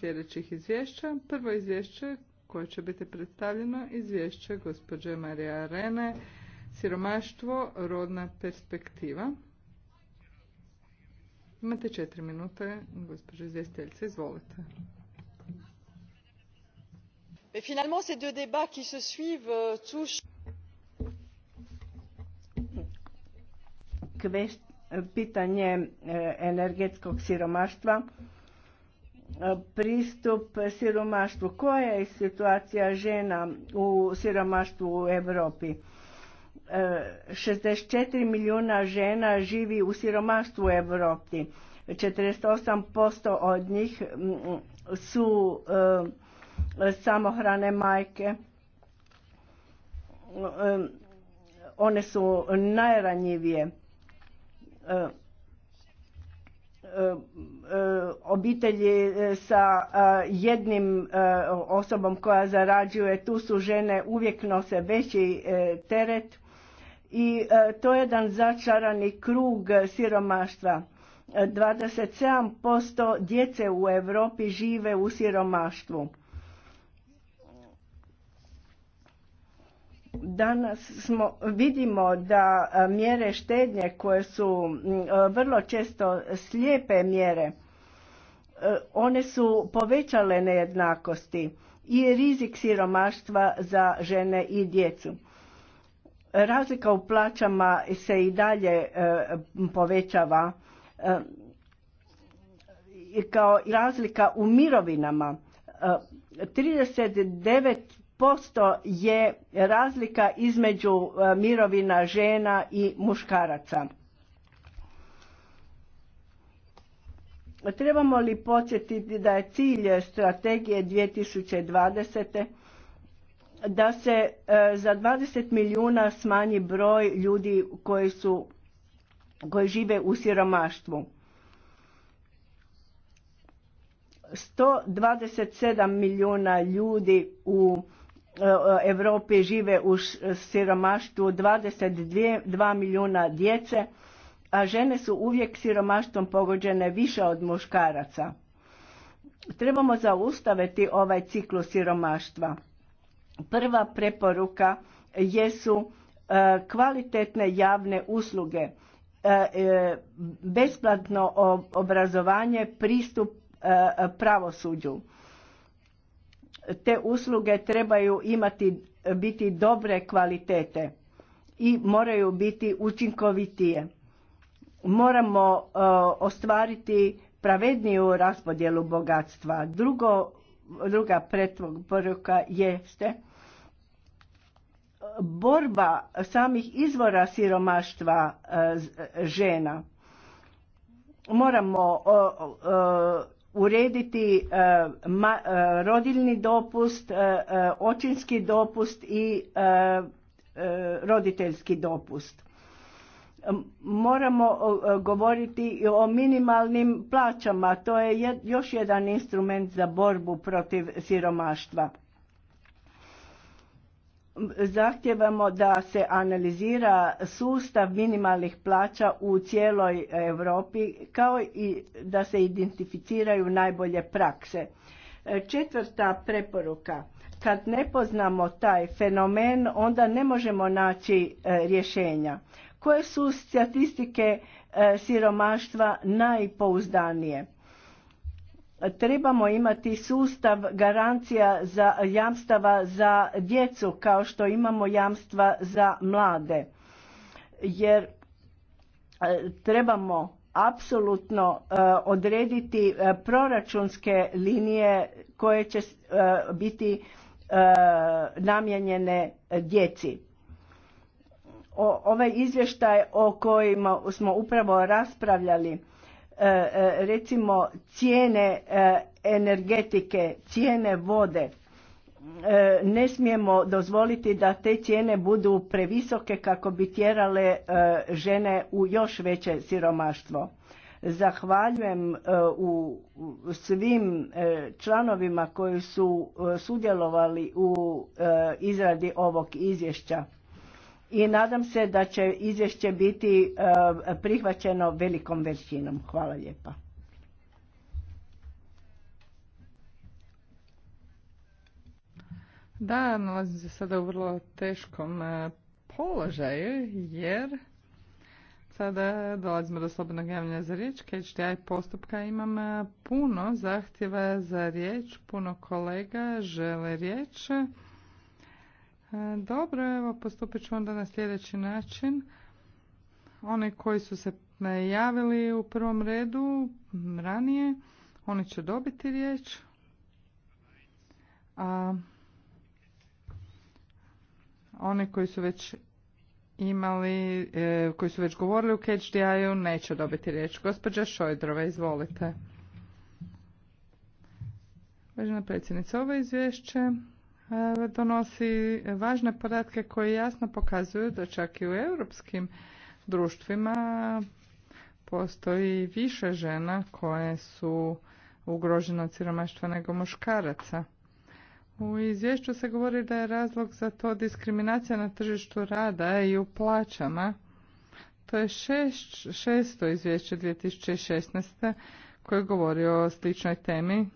sljedećih izvješća. Prvo izvješće koje će biti predstavljeno, izvješće gospođe Marija Arene, siromaštvo, rodna perspektiva. Imate četiri minute, gospođe izvjestiteljice, izvolite. Mais finalement, ces deux débats qui se suivent euh, pitanje eh, energetskog siromaštva E, pristup siromaštvu. Koja je situacija žena u siromaštvu u Europi? 64 e, milijuna žena živi u siromaštvu u Europi. 48% od njih su e, samohrane majke. One su najranjivije E, e, obitelji e, sa jednim osobom koja zarađuje, tu su žene uvijek nose veći teret i to je jedan začarani krug siromaštva. 27% djece u Europi žive u siromaštvu. Danas smo, vidimo da e, mjere štednje koje su e, vrlo često slijepe mjere, e, one su povećale nejednakosti i rizik siromaštva za žene i djecu. Razlika u plaćama se i dalje povećava kao razlika u mirovinama. 39 posto je razlika između e, mirovina žena i muškaraca. Trebamo li podsjetiti da je cilj strategije 2020. da se e, za 20 milijuna smanji broj ljudi koji, su, koji žive u siromaštvu. 127 milijuna ljudi u E, Evropi žive u siromaštvu 22 milijuna djece, a žene su uvijek siromaštvom pogođene više od muškaraca. Trebamo zaustaviti ovaj ciklus siromaštva. Prva preporuka jesu e, kvalitetne javne usluge, e, besplatno obrazovanje, pristup pravosuđu te usluge trebaju imati biti dobre kvalitete i moraju biti učinkovitije. Moramo e, ostvariti pravedniju raspodjelu bogatstva. Drugo, druga pretporuka jeste borba samih izvora siromaštva e, žena. Moramo e, urediti rodilni e, e, rodiljni dopust, e, očinski dopust i roditeljski dopust. Moramo govoriti i o minimalnim plaćama, to je još jedan instrument za borbu protiv siromaštva zahtjevamo da se analizira sustav minimalnih plaća u cijeloj Europi kao i da se identificiraju najbolje prakse. Četvrta preporuka. Kad ne poznamo taj fenomen, onda ne možemo naći e, rješenja. Koje su statistike e, siromaštva najpouzdanije? Trebamo imati sustav garancija za jamstava za djecu kao što imamo jamstva za mlade. Jer e, trebamo apsolutno e, odrediti e, proračunske linije koje će biti namijenjene djeci. O, ovaj izvještaj o kojima smo upravo raspravljali E, e, recimo cijene e, energetike, cijene vode. Ne smijemo dozvoliti da te cijene budu previsoke kako bi tjerale žene u još veće siromaštvo. Zahvaljujem u svim članovima koji su sudjelovali u izradi ovog izvješća i nadam se da će izvješće biti e, prihvaćeno velikom većinom. Hvala lijepa. Da, nalazim se sada u vrlo teškom e, položaju jer sada dolazimo do slobodnog javljanja za riječ. HDI postupka imam e, puno zahtjeva za riječ, puno kolega žele riječ. E, dobro, evo postupit ću onda na sljedeći način. Oni koji su se najavili u prvom redu ranije, oni će dobiti riječ. A oni koji su već imali, e, koji su već govorili u CatchDI-u neće dobiti riječ. Gospođa Šojdrova, izvolite. Uvažena predsjednica, ovo izvješće E, donosi važne podatke koje jasno pokazuju da čak i u europskim društvima postoji više žena koje su ugrožene od siromaštva nego muškaraca. U izvješću se govori da je razlog za to diskriminacija na tržištu rada i u plaćama. To je šest, šesto izvješće 2016. koje govori o sličnoj temi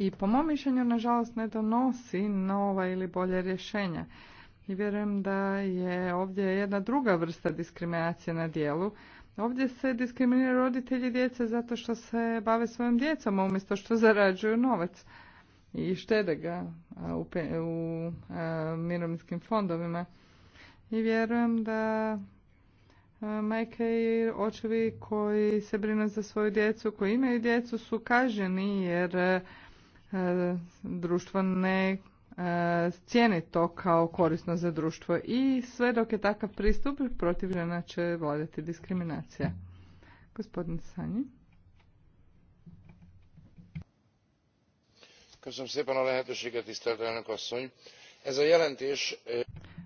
i po mom mišljenju nažalost ne donosi nova ili bolje rješenja. I vjerujem da je ovdje jedna druga vrsta diskriminacije na dijelu. Ovdje se diskriminiraju roditelji djece zato što se bave svojim djecom, umjesto što zarađuju novac i štede ga u, u mirovinskim fondovima. I vjerujem da majke i očevi koji se brinu za svoju djecu, koji imaju djecu, su kaženi jer E, društvo ne e, cijeni to kao korisno za društvo i sve dok je takav pristup protivljena će vladati diskriminacija. Gospodin Sanji. Köszönöm lehetőséget,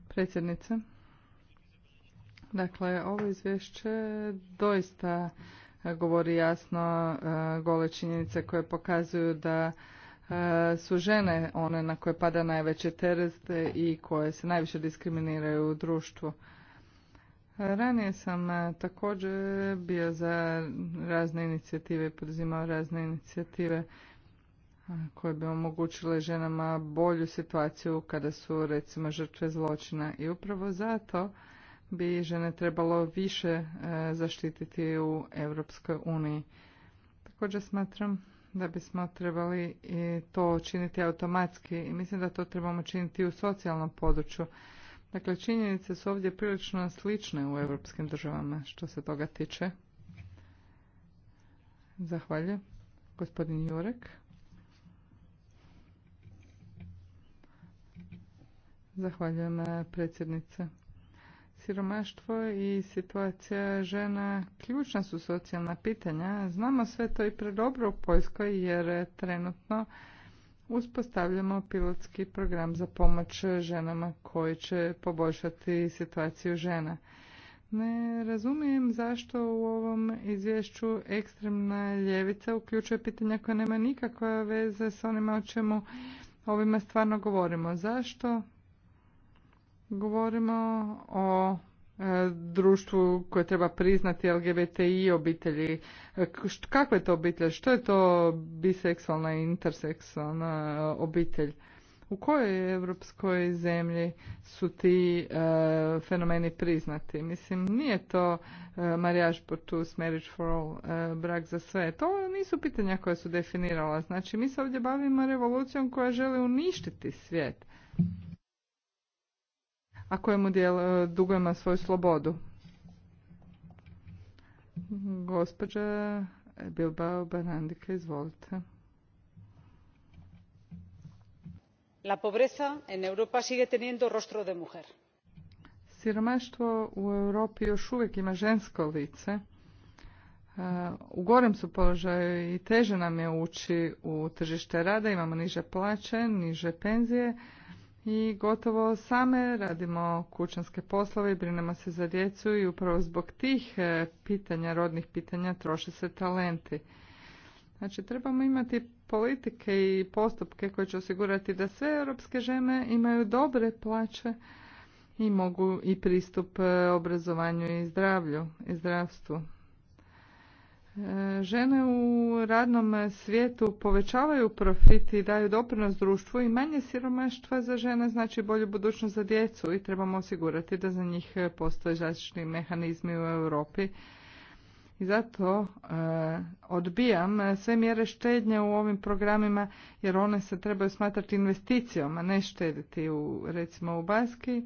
Predsjednice, dakle, ovo izvješće doista govori jasno e, gole činjenice koje pokazuju da E, su žene one na koje pada najveće teret i koje se najviše diskriminiraju u društvu. Ranije sam e, također bio za razne inicijative i poduzimao razne inicijative e, koje bi omogućile ženama bolju situaciju kada su recimo žrtve zločina i upravo zato bi žene trebalo više zaštititi u Europskoj uniji. Također smatram da bismo trebali to činiti automatski i mislim da to trebamo činiti u socijalnom području. Dakle, činjenice su ovdje prilično slične u europskim državama što se toga tiče. Zahvaljujem. Gospodin Jurek. Zahvaljujem eh, predsjednice siromaštvo i situacija žena ključna su socijalna pitanja. Znamo sve to i predobro u Poljskoj jer trenutno uspostavljamo pilotski program za pomoć ženama koji će poboljšati situaciju žena. Ne razumijem zašto u ovom izvješću ekstremna ljevica uključuje pitanja koja nema nikakve veze s onima o čemu ovima stvarno govorimo. Zašto Govorimo o e, društvu koje treba priznati LGBTI obitelji. Kakva je to obitelj? Što je to biseksualna i interseksualna e, obitelj? U kojoj europskoj zemlji su ti e, fenomeni priznati? Mislim, nije to e, mariage pour marriage for all, brak za sve. To nisu pitanja koja su definirala. Znači, mi se ovdje bavimo revolucijom koja želi uništiti svijet a kojemu dijel, e, dugujemo svoju slobodu. Gospođa Bilbao Barandike, izvolite. La pobreza en Europa sigue teniendo rostro de mujer. Siromaštvo u Europi još uvijek ima žensko lice. E, u gorem su položaju i teže nam je ući u tržište rada, imamo niže plaće, niže penzije, i gotovo same radimo kućanske poslove i brinemo se za djecu i upravo zbog tih e, pitanja, rodnih pitanja, troše se talenti. Znači, trebamo imati politike i postupke koje će osigurati da sve europske žene imaju dobre plaće i mogu i pristup e, obrazovanju i zdravlju i zdravstvu. Žene u radnom svijetu povećavaju profit i daju doprinos društvu i manje siromaštva za žene znači bolju budućnost za djecu i trebamo osigurati da za njih postoje zaštitni mehanizmi u Europi. I zato e, odbijam sve mjere štednje u ovim programima jer one se trebaju smatrati investicijom, a ne štediti u recimo u Baski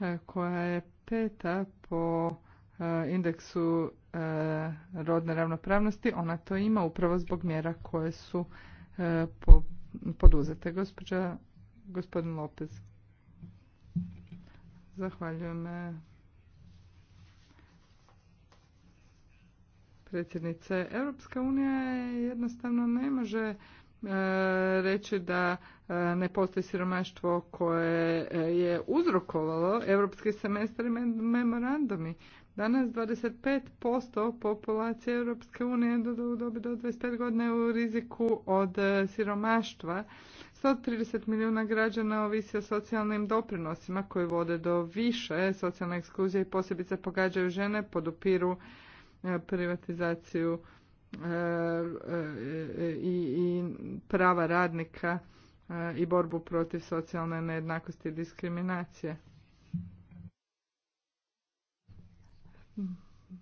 e, koja je peta po e, indeksu E, rodne ravnopravnosti, ona to ima upravo zbog mjera koje su e, poduzete. Gospođa, gospodin Lopez. Zahvaljujem e, predsjednice. Europska unija jednostavno ne može reći da ne postoji siromaštvo koje je uzrokovalo europski semestar i memorandumi. Danas 25% populacije Europske unije u dobi do 25 godina je u riziku od e, siromaštva. 130 milijuna građana ovisi o socijalnim doprinosima koji vode do više socijalne ekskluzije i posebice pogađaju žene, podupiru e, privatizaciju e, i prava radnika i borbu protiv socijalne nejednakosti i diskriminacije.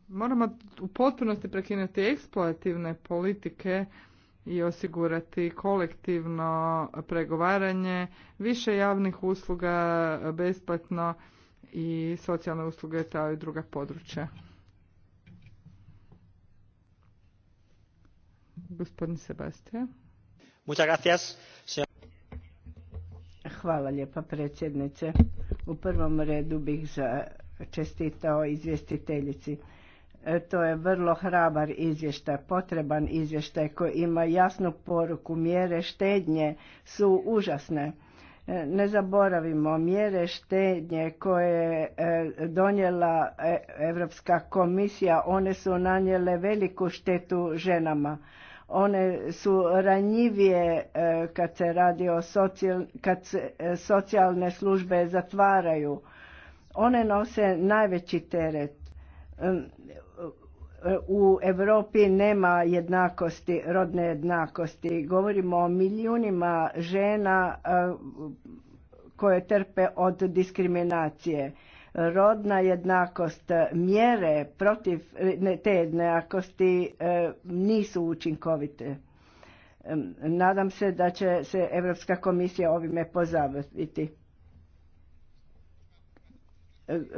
moramo u potpunosti prekinuti eksploativne politike i osigurati kolektivno pregovaranje, više javnih usluga besplatno i socijalne usluge kao i druga područja. Gospodin Sebastian. Hvala lijepa predsjednice. U prvom redu bih za čestitao izvjestiteljici. E, to je vrlo hrabar izvještaj, potreban izvještaj koji ima jasnu poruku. Mjere štednje su užasne. E, ne zaboravimo, mjere štednje koje je e, donijela Europska komisija, one su nanijele veliku štetu ženama. One su ranjivije kad se radi o kad se socijalne službe zatvaraju one nose najveći teret. U Europi nema jednakosti, rodne jednakosti. Govorimo o milijunima žena koje trpe od diskriminacije. Rodna jednakost, mjere protiv te jednakosti nisu učinkovite. Nadam se da će se Europska komisija ovime pozabaviti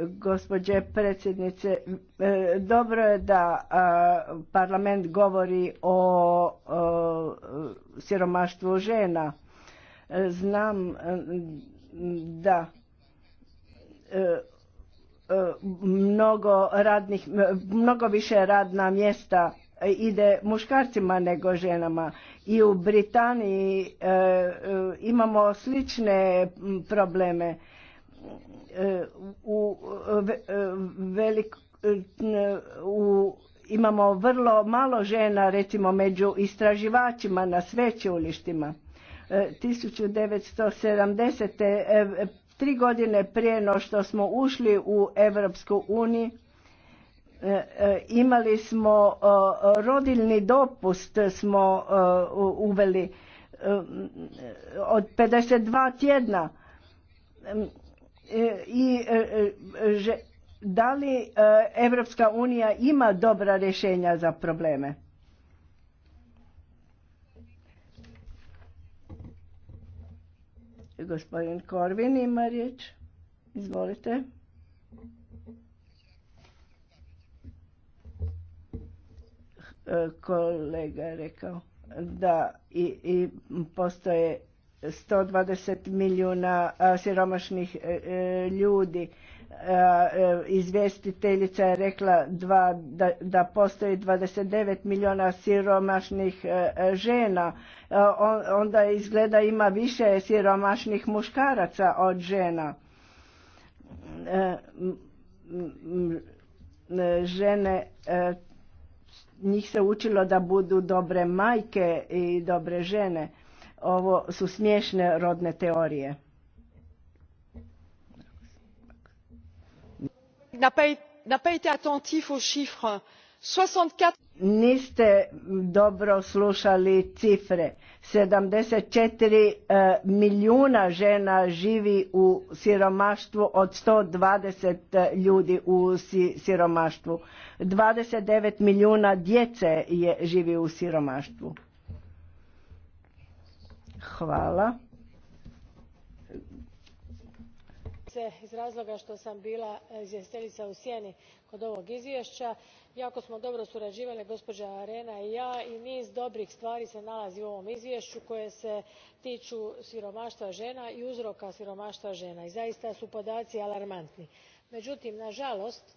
gospođe predsjednice. E, dobro je da e, parlament govori o siromaštvu žena. E, znam da mnogo radnih, mnogo više radna mjesta ide muškarcima nego ženama. I u Britaniji imamo slične probleme u, velik, u imamo vrlo malo žena recimo među istraživačima na sveučilištima. 1970. E, e, tri godine prije no što smo ušli u Europsku uniju e, imali smo rodilni dopust smo uveli od 52 tjedna E, i e, e, da li Evropska unija ima dobra rješenja za probleme? Gospodin Korvin ima riječ. Izvolite. Kolega je rekao da i, i postoje 120 milijuna siromašnih e, e, ljudi. E, izvjestiteljica je rekla da, da postoji 29 milijuna siromašnih žena. Onda izgleda ima više siromašnih muškaraca od žena. Žene njih se učilo da budu dobre majke i dobre žene ovo su smiješne rodne teorije. Niste dobro slušali cifre. 74 e, milijuna žena živi u siromaštvu od 120 e, ljudi u siromaštvu. 29 milijuna djece je živi u siromaštvu. Hvala. Iz razloga što sam bila izvjestiteljica u sjeni kod ovog izvješća, jako smo dobro surađivali, gospođa Arena i ja i niz dobrih stvari se nalazi u ovom izvješću koje se tiču siromaštva žena i uzroka siromaštva žena i zaista su podaci alarmantni. Međutim, nažalost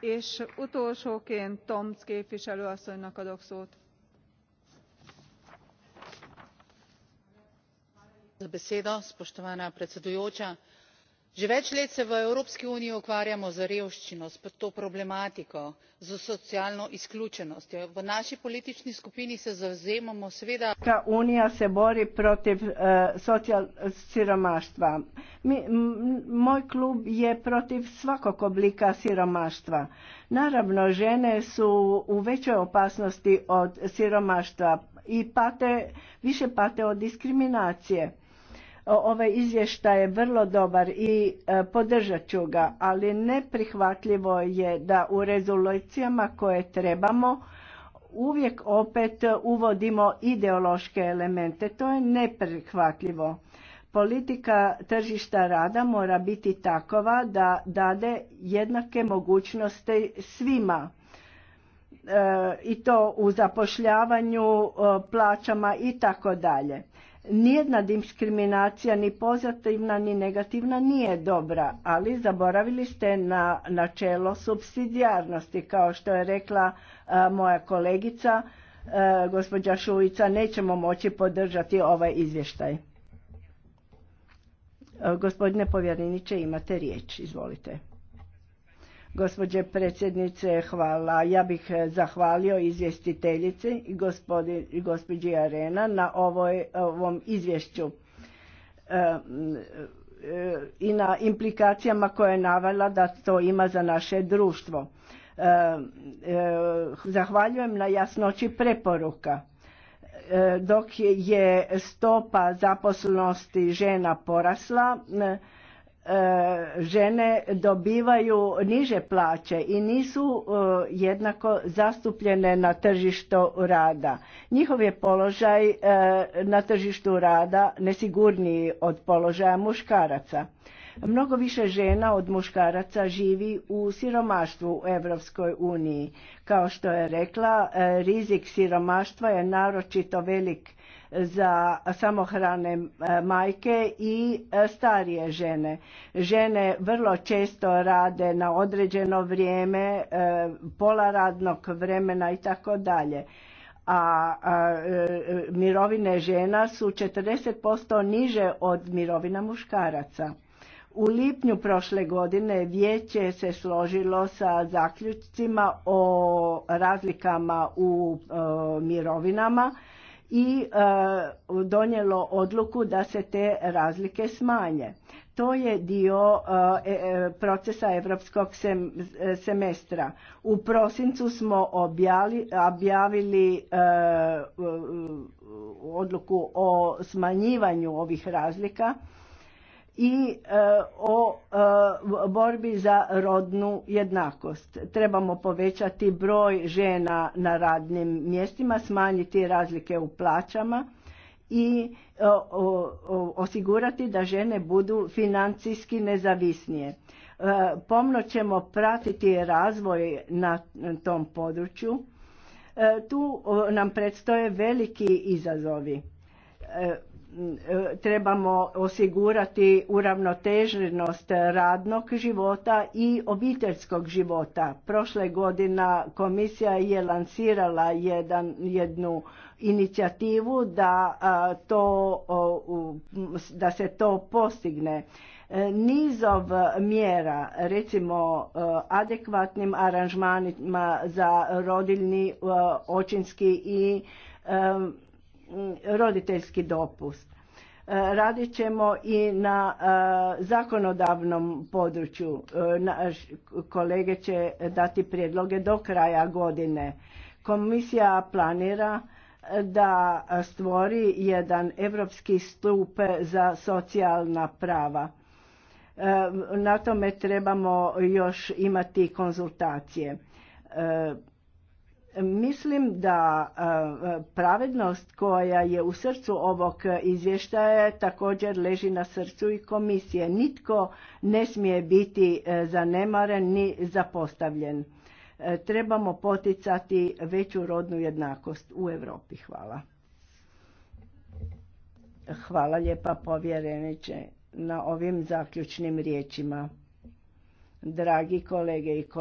és utolsóként tomc képviselő asszonynak adok szót. spoštovana že več let se v evropski uniji ukvarjamo z revščino s to problematiko s socialno izključenostjo. v naši politični skupini se zavzemamo seveda. evropska unija se bori protiv eh, socijalnog siromaštva. moj klub je protiv svakog oblika siromaštva. naravno žene su u većoj opasnosti od siromaštva i pate, više pate od diskriminacije Ovaj izvještaj je vrlo dobar i e, podržat ću ga, ali neprihvatljivo je da u rezolucijama koje trebamo uvijek opet uvodimo ideološke elemente. To je neprihvatljivo. Politika tržišta rada mora biti takova da dade jednake mogućnosti svima e, i to u zapošljavanju, plaćama i tako dalje. Nijedna diskriminacija, ni pozitivna, ni negativna nije dobra, ali zaboravili ste na načelo subsidijarnosti, kao što je rekla e, moja kolegica, e, gospođa Šuica nećemo moći podržati ovaj izvještaj. E, gospodine povjereniče, imate riječ, izvolite. Gospođe predsjednice, hvala. Ja bih eh, zahvalio izvjestiteljici i gospođi Arena na ovoj, ovom izvješću eh, eh, i na implikacijama koje je navela da to ima za naše društvo. zahvaljujem na jasnoći preporuka. Dok je stopa zaposlenosti žena porasla, E, žene dobivaju niže plaće i nisu e, jednako zastupljene na tržištu rada. Njihov je položaj e, na tržištu rada nesigurniji od položaja muškaraca. Mnogo više žena od muškaraca živi u siromaštvu u Europskoj uniji. Kao što je rekla, e, rizik siromaštva je naročito velik e, za samohrane e, majke i starije žene. Žene vrlo često rade na određeno vrijeme, pola radnog vremena i tako dalje. A mirovine žena su 40% niže od mirovina muškaraca. U lipnju prošle godine vijeće se složilo sa zaključcima o razlikama u e, mirovinama i e, donijelo odluku da se te razlike smanje. To je dio e, procesa europskog semestra. U prosincu smo objavili odluku o smanjivanju ovih razlika i e, o e, borbi za rodnu jednakost. Trebamo povećati broj žena na radnim mjestima, smanjiti razlike u plaćama i e, osigurati da žene budu financijski nezavisnije. Pomno ćemo pratiti razvoj na tom području. Tu nam predstoje veliki izazovi E, trebamo osigurati uravnoteženost radnog života i obiteljskog života. Prošle godina komisija je lansirala jedan, jednu inicijativu da, to, da se to postigne. E, nizov mjera, recimo e, adekvatnim aranžmanima za rodiljni, očinski i roditeljski dopust. E, radit ćemo i na e, zakonodavnom području. E, naš kolege će dati prijedloge do kraja godine. Komisija planira da stvori jedan europski stup za socijalna prava. Na tome trebamo još imati konzultacije. Mislim da e, pravednost koja je u srcu ovog izvještaja također leži na srcu i komisije. Nitko ne smije biti e, zanemaren ni zapostavljen. E, trebamo poticati veću rodnu jednakost u Europi. Hvala. Hvala lijepa povjereniče na ovim zaključnim riječima. Dragi kolege i kolege.